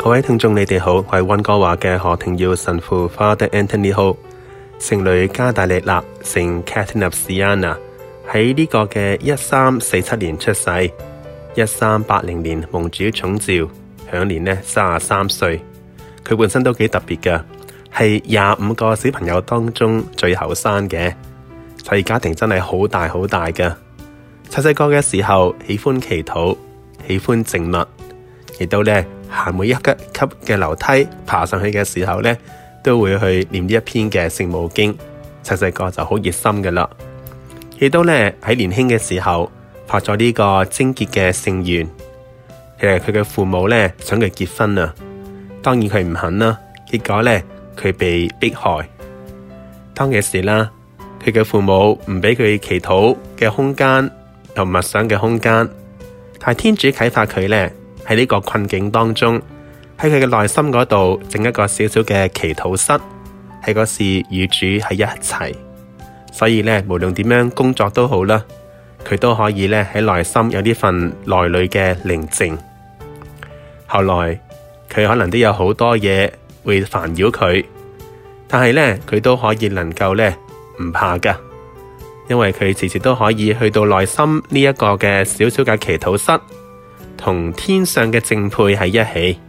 各位聽眾，你哋好，我係溫哥華嘅何庭耀神父 Father Anthony Hall，聖女加大力娜聖 Catherine Siena 喺呢個嘅一三四七年出世，一三八零年蒙主寵召，享年咧三十三歲。佢本身都幾特別噶，係廿五個小朋友當中最後生嘅，所以家庭真係好大好大噶。細細個嘅時候，喜歡祈禱，喜歡靜默，亦都咧。行每一級級嘅樓梯爬上去嘅時候咧，都會去念呢一篇嘅聖母經。細細個就好熱心嘅啦，亦都咧喺年輕嘅時候發咗呢個貞潔嘅聖願。其實佢嘅父母咧想佢結婚啊，當然佢唔肯啦。結果咧佢被迫害，當其時啦。佢嘅父母唔俾佢祈禱嘅空間同默想嘅空間，但天主啟發佢咧。喺呢個困境當中，喺佢嘅內心嗰度整一個小小嘅祈禱室，喺嗰時與主喺一齊。所以咧，無論點樣工作都好啦，佢都可以咧喺內心有呢份內裏嘅寧靜。後來佢可能都有好多嘢會煩擾佢，但係咧佢都可以能夠咧唔怕噶，因為佢時時都可以去到內心呢一個嘅小小嘅祈禱室。同天上嘅淨配喺一起，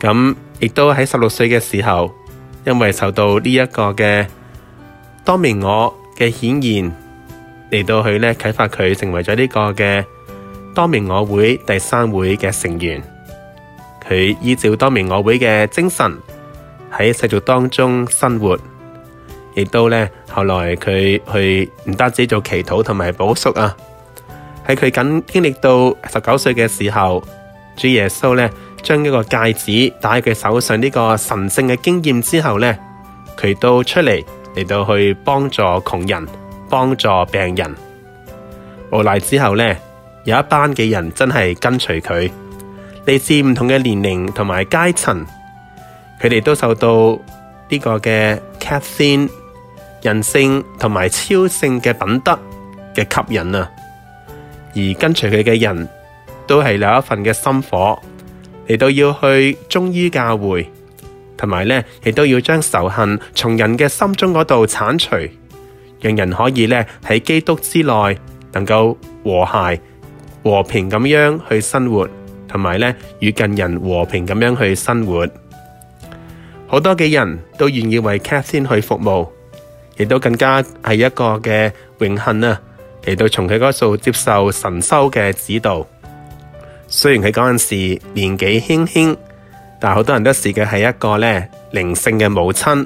咁亦都喺十六歲嘅時候，因為受到，這的的到呢一個嘅多明我嘅顯現嚟到佢呢啟發佢成為咗呢個嘅多明我會第三會嘅成員，佢依照多明我會嘅精神喺世俗當中生活，亦都呢後來佢去唔單止做祈禱同埋補贖啊。喺佢緊經歷到十九歲嘅時候，主耶穌咧，將一個戒指戴喺佢手上呢個神聖嘅經驗之後咧，佢都出嚟嚟到去幫助窮人、幫助病人。無奈之後咧，有一班嘅人真係跟隨佢，嚟自唔同嘅年齡同埋階層，佢哋都受到呢個嘅 Catherine 人性同埋超性嘅品德嘅吸引啊！而跟隨佢嘅人都係有一份嘅心火，嚟到要去忠於教會，同埋咧亦都要將仇恨從人嘅心中嗰度鏟除，讓人可以咧喺基督之內能夠和諧和平咁樣去生活，同埋咧與近人和平咁樣去生活。好多嘅人都願意為 captain 去服務，亦都更加係一個嘅榮幸啊！嚟到從佢嗰度接受神修嘅指導，雖然佢嗰陣時年紀輕輕，但好多人都視嘅係一個咧靈性嘅母親，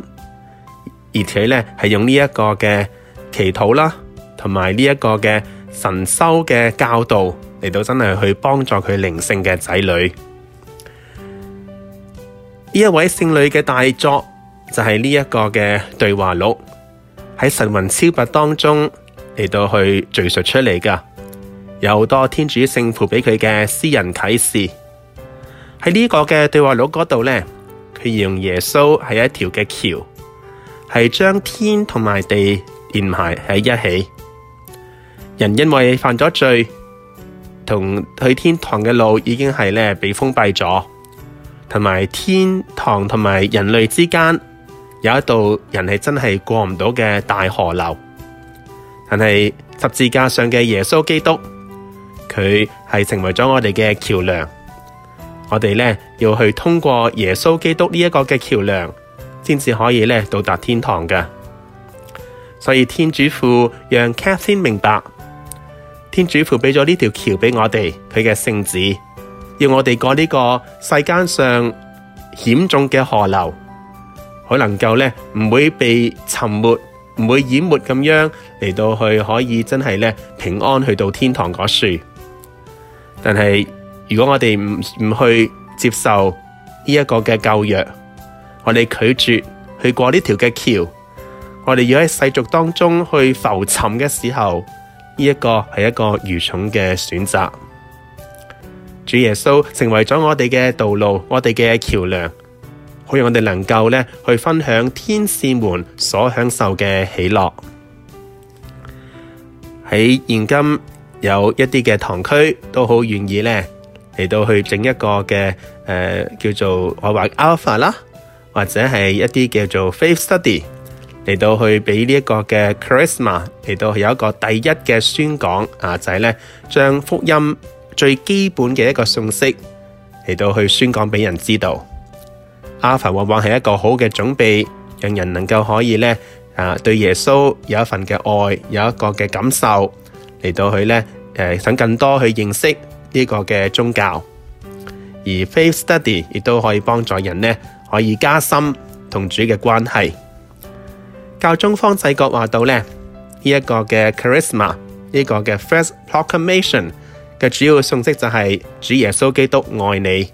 而且咧係用呢一個嘅祈禱啦，同埋呢一個嘅神修嘅教導嚟到真係去幫助佢靈性嘅仔女。呢一位聖女嘅大作就係、是、呢一個嘅對話錄喺神魂超拔當中。嚟到去敘述出嚟噶，有好多天主聖父俾佢嘅私人啟示。喺呢個嘅對話錄嗰度咧，佢形容耶穌係一條嘅橋，係將天同埋地連埋喺一起。人因為犯咗罪，同去天堂嘅路已經係咧被封閉咗，同埋天堂同埋人類之間有一道人係真係過唔到嘅大河流。但係十字架上嘅耶穌基督，佢係成為咗我哋嘅橋樑。我哋咧要去通過耶穌基督呢一個嘅橋樑，先至可以咧到達天堂嘅。所以天主父讓 Cathy 明白，天主父俾咗呢條橋俾我哋，佢嘅聖子，要我哋過呢個世間上險重嘅河流，可能夠咧唔會被沉沒。唔會淹沒咁樣嚟到去可以真係咧平安去到天堂嗰處。但係如果我哋唔唔去接受呢一個嘅救約，我哋拒絕去過呢條嘅橋，我哋要喺世俗當中去浮沉嘅時候，呢一個係一個愚蠢嘅選擇。主耶穌成為咗我哋嘅道路，我哋嘅橋樑。好讓我哋能夠咧去分享天使們所享受嘅喜樂。喺現今有一啲嘅堂區都好願意咧嚟到去整一個嘅誒、呃、叫做我話 Alpha 啦，或者係一啲叫做 Faith Study 嚟到去俾呢一個嘅 charisma 嚟到有一個第一嘅宣講阿、啊、就係咧將福音最基本嘅一個信息嚟到去宣講俾人知道。阿法往往係一個好嘅準備，讓人能夠可以咧啊，對耶穌有一份嘅愛，有一個嘅感受嚟到佢咧誒，想更多去認識呢個嘅宗教。而 faith study 亦都可以幫助人咧可以加深同主嘅關係。教中方濟各話到咧呢一個嘅 charisma 呢個嘅 first proclamation 嘅主要信息就係主耶穌基督愛你。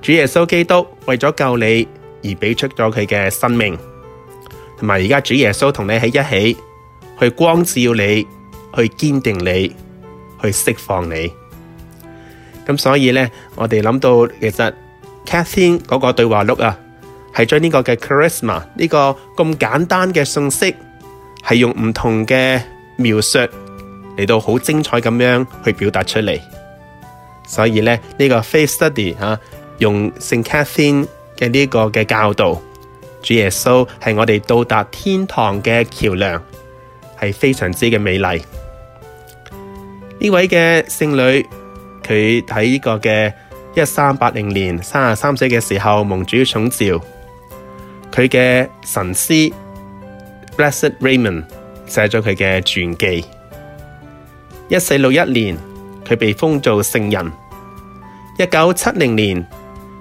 主耶穌基督為咗救你而俾出咗佢嘅生命，同埋而家主耶穌同你喺一起，去光照你，去堅定你，去釋放你。咁所以呢，我哋諗到其實 Catherine 嗰個對話錄啊，係將呢個嘅 Charisma 呢個咁簡單嘅信息，係用唔同嘅描述嚟到好精彩咁樣去表達出嚟。所以呢，呢、這個 faith study 嚇、啊。用聖卡辛嘅呢個嘅教導，主耶穌係我哋到達天堂嘅橋樑，係非常之嘅美麗。呢位嘅聖女，佢喺呢個嘅一三八零年三十三歲嘅時候蒙主寵召，佢嘅神師 Blessed Raymond 寫咗佢嘅傳記。一四六一年佢被封做聖人。一九七零年。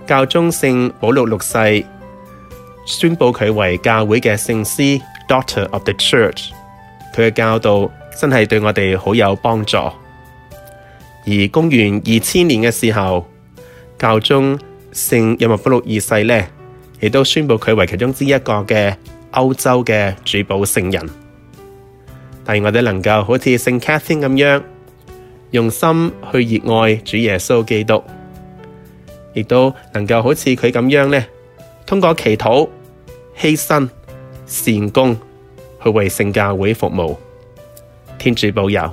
教宗聖保禄六,六世宣布佢為教會嘅聖師，Doctor of the Church。佢嘅教導真係對我哋好有幫助。而公元二千年嘅時候，教宗聖若望保禄二世咧，亦都宣布佢為其中之一個嘅歐洲嘅主保聖人。但願我哋能夠好似聖卡丁咁樣，用心去熱愛主耶穌基督。亦都能夠好似佢咁樣呢，通過祈禱、犧牲、善工，去為聖教會服務。天主保佑。